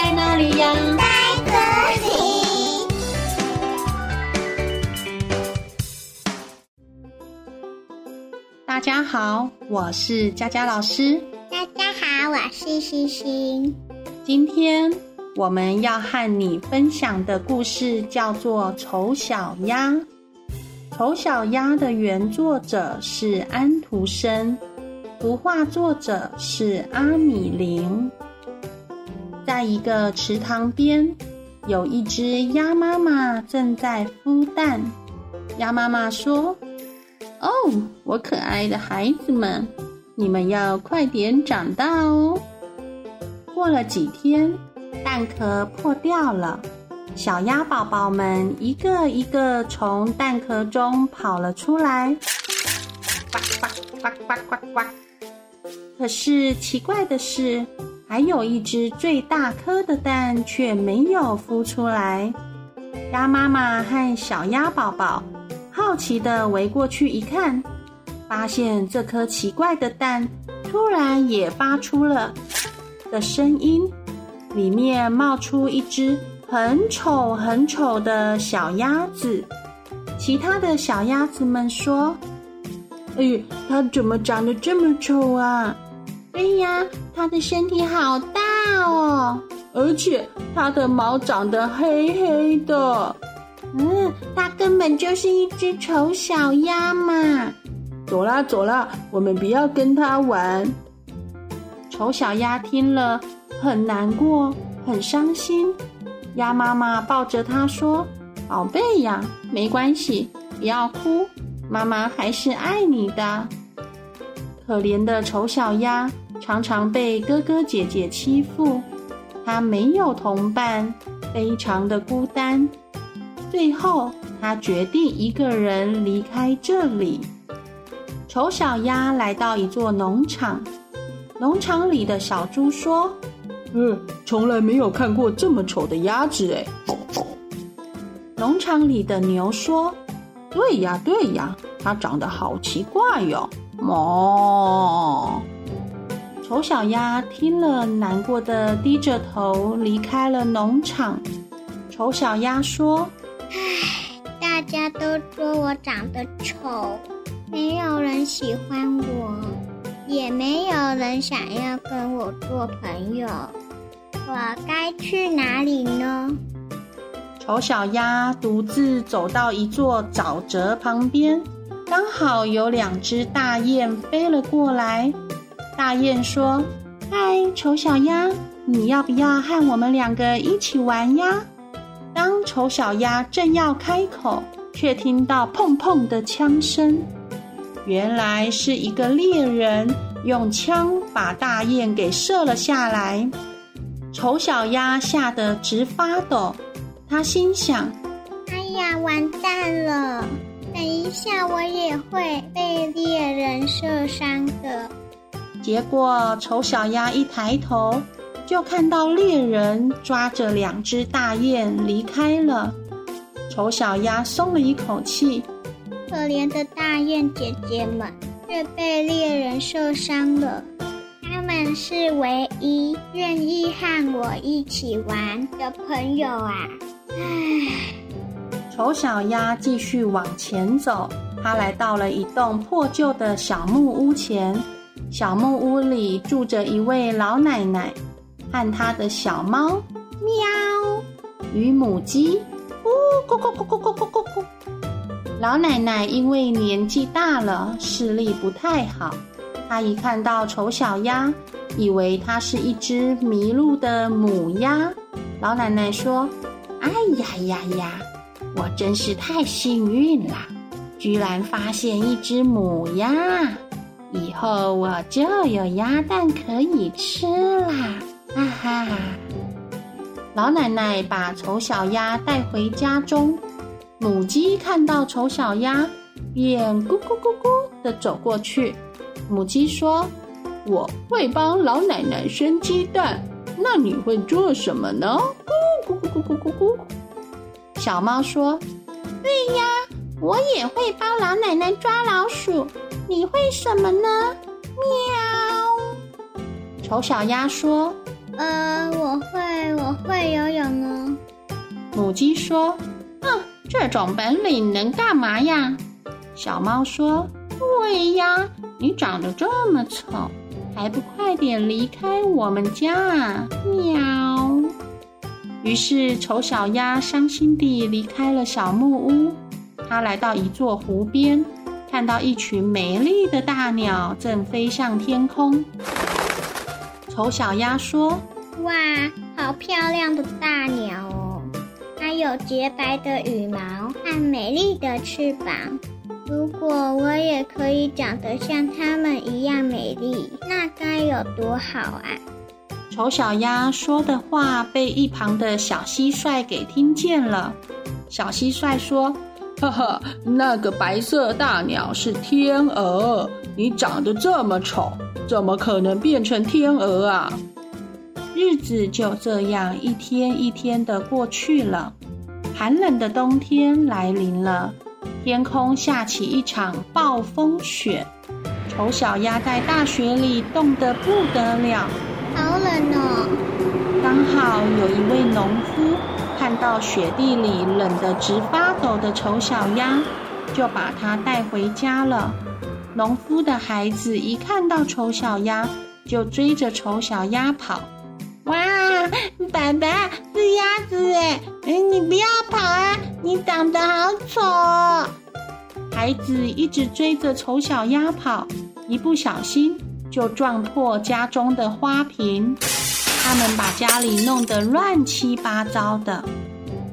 在哪裡呀？在這裡。大家好，我是佳佳老師。大家好，我是星星。今天我們要和你分享的故事叫做《醜小鴨》。《醜小鴨》的原作者是安徒生，圖畫作者是阿米玲。在一個池塘邊，有一隻鴨媽媽正在孵蛋。鴨媽媽說：“哦，我可愛的孩子們，你們要快點長大哦。”過了幾天，蛋殼破掉了，小鴨寶寶們一個一個從蛋殼中跑了出來，呱呱呱呱呱呱。可是奇怪的是……還有一隻最大顆的蛋卻沒有孵出來，鴨媽媽和小鴨寶寶好奇的圍過去一看，發現這顆奇怪的蛋突然也發出了的聲音，裡面冒出一隻很醜很醜的小鴨子。其他的小鴨子們說：“哎、欸，它怎麼長得這麼醜啊？”“對呀。”它的身體好大哦，而且它的毛長得黑黑的。嗯，它根本就是一隻醜小鴨嘛！走啦，走啦，我們不要跟它玩。醜小鴨聽了很難過，很傷心。鴨媽媽抱着它說：“寶貝呀，沒關係，不要哭，媽媽還是愛你的。”可憐的醜小鴨。常常被哥哥姐姐欺負，他沒有同伴，非常的孤單。最後，他決定一個人離開這裡。醜小鴨來到一座農場，農場裡的小豬說：“嗯，從來沒有看過這麼醜的鴨子哎。”農場裡的牛說：“對呀，對呀，它長得好奇怪喲。”哦哦醜小鴨聽了，難過的低着頭離開了農場。醜小鴨說：“唉，大家都說我長得醜，沒有人喜歡我，也沒有人想要跟我做朋友。我該去哪裡呢？”醜小鴨獨自走到一座沼澤旁邊，剛好有兩隻大雁飛了過來。大雁說：“嗨，醜小鴨，你要不要和我們兩個一起玩呀？”當醜小鴨正要開口，卻聽到“砰砰”的槍聲。原來是一個獵人用槍把大雁給射了下來。醜小鴨嚇得直發抖，他心想：“哎呀，完蛋了！等一下，我也會被獵人射傷的。”結果，醜小鴨一抬頭，就看到獵人抓着兩隻大雁離開了。醜小鴨鬆了一口氣。可憐的大雁姐姐們却被獵人受傷了。他們是唯一願意和我一起玩的朋友啊！唉。醜小鴨繼續往前走，它來到了一棟破舊的小木屋前。小木屋裡住着一位老奶奶，和她的小貓喵與母雞咕咕咕咕咕咕咕咕咕咕。老奶奶因為年紀大了，視力不太好。她一看到醜小鴨，以為它是一隻迷路的母鴨。老奶奶說：“哎呀呀呀，我真是太幸運了，居然發現一隻母鴨。”以後我就有鴨蛋可以吃啦！啊哈哈！老奶奶把醜小鴨帶回家中，母雞看到醜小鴨，便咕咕咕咕的走過去。母雞說：“我會幫老奶奶生雞蛋，那你會做什麼呢？”咕咕咕咕咕咕。小貓說：“對呀，我也會幫老奶奶抓老鼠。”你會什麼呢？喵。醜小鴨說：“呃，我會，我會游泳哦。”母雞說：“哼，這種本領能幹嘛呀？”小貓說：“對呀，你長得這麼醜，還不快點離開我們家啊！”喵。於是，醜小鴨傷心地離開了小木屋。它來到一座湖邊。看到一群美麗的大鳥正飛向天空，醜小鴨說：“哇，好漂亮的大鳥哦！它有潔白的羽毛和美麗的翅膀。如果我也可以長得像它們一樣美麗，那該有多好啊！”醜小鴨說的話被一旁的小蟋蟀給聽見了，小蟋蟀說。哈哈，那個白色大鳥是天鵝。你長得這麼醜，怎麼可能變成天鵝啊？日子就這樣一天一天的過去了，寒冷的冬天來臨了，天空下起一場暴風雪，醜小鴨在大雪裡凍得不得了，好冷哦。剛好有一位農夫。看到雪地裡冷得直發抖的醜小鴨，就把它帶回家了。農夫的孩子一看到醜小鴨，就追着醜小鴨跑。哇，爸爸是鴨子誒！哎，你不要跑啊，你長得好醜。孩子一直追着醜小鴨跑，一不小心就撞破家中的花瓶。他們把家裡弄得亂七八糟的，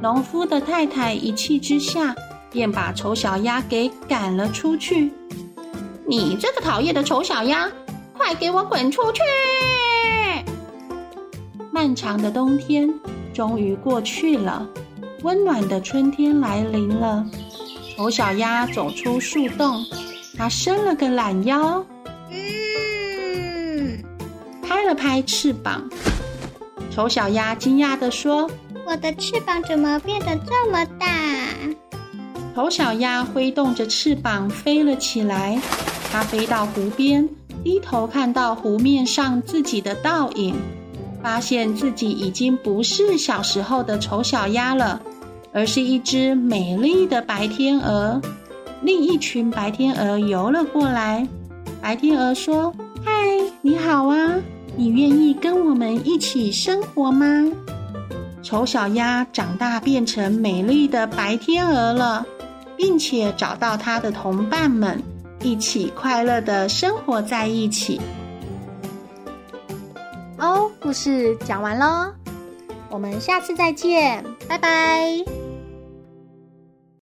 農夫的太太一氣之下，便把醜小鴨給趕了出去。你這個討厭的醜小鴨，快給我滾出去！漫長的冬天終於過去了，溫暖的春天來臨了。醜小鴨走出樹洞，它伸了個懶腰，嗯，拍了拍翅膀。醜小鴨驚訝地說：“我的翅膀怎麼變得這麼大？”醜小鴨揮動着翅膀飛了起來，它飛到湖邊，低頭看到湖面上自己的倒影，發現自己已經不是小時候的醜小鴨了，而是一隻美麗的白天鵝。另一群白天鵝游了過來，白天鵝說：“嗨，你好啊。”你願意跟我們一起生活嗎？醜小鴨長大變成美麗的白天鵝了，並且找到它的同伴們，一起快樂地生活在一起。哦，故事講完嘍，我們下次再見，拜拜。